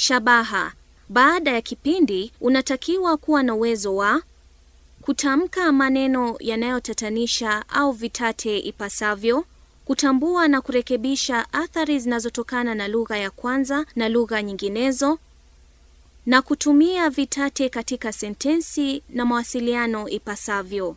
Shabaha: baada ya kipindi unatakiwa kuwa na uwezo wa kutamka maneno yanayotatanisha au vitate ipasavyo, kutambua na kurekebisha athari zinazotokana na lugha ya kwanza na lugha nyinginezo, na kutumia vitate katika sentensi na mawasiliano ipasavyo.